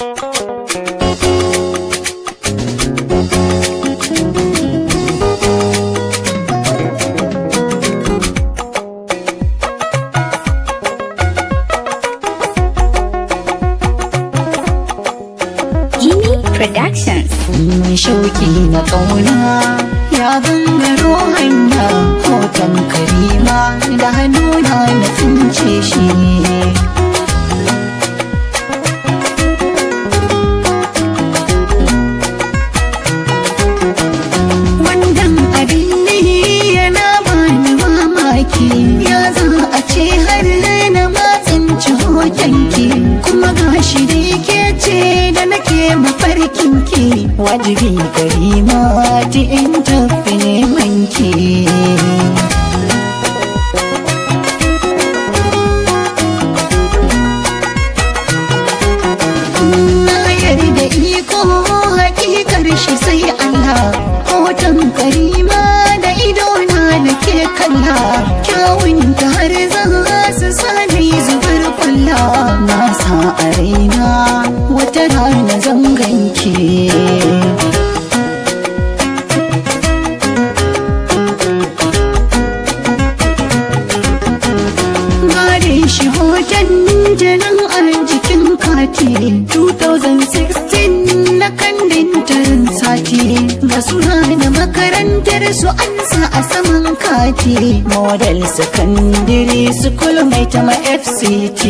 Productions. Mai shauki na ƙauna ya gangaro hanya hoton karima da hannuna na tsince shi. wajibi karima ti in tafi neman ki na yarda iko hakikar shi sai Allah hoton karima da idona da ke kalla kyawun ta har zan su sani jiran arzikin kati 2016 na kandin sati ga suna makarantar su an sa a saman kati model sakandiri su mai ta fct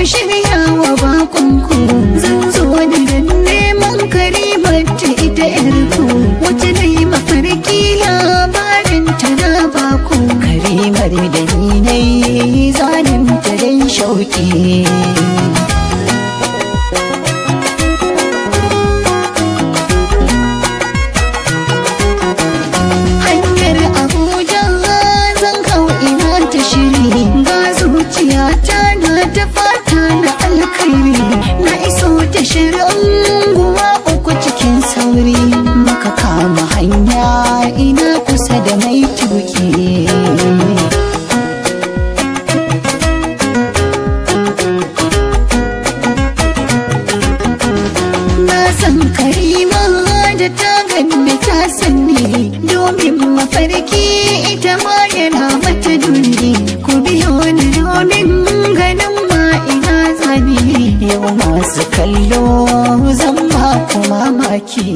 ku shirya wa bakonku zan zo daga neman kare bacci ita yarku wace na yi mafarki labarin ta na baku karimar da ni na yi zalim ta dan shauki na iso ta tashar unguwa uku cikin sauri muka kama hanya ina kusa da mai tuki na san karima da ta ganni ta sanni domin mafarki ita ma masu kallo zan ba ku mamaki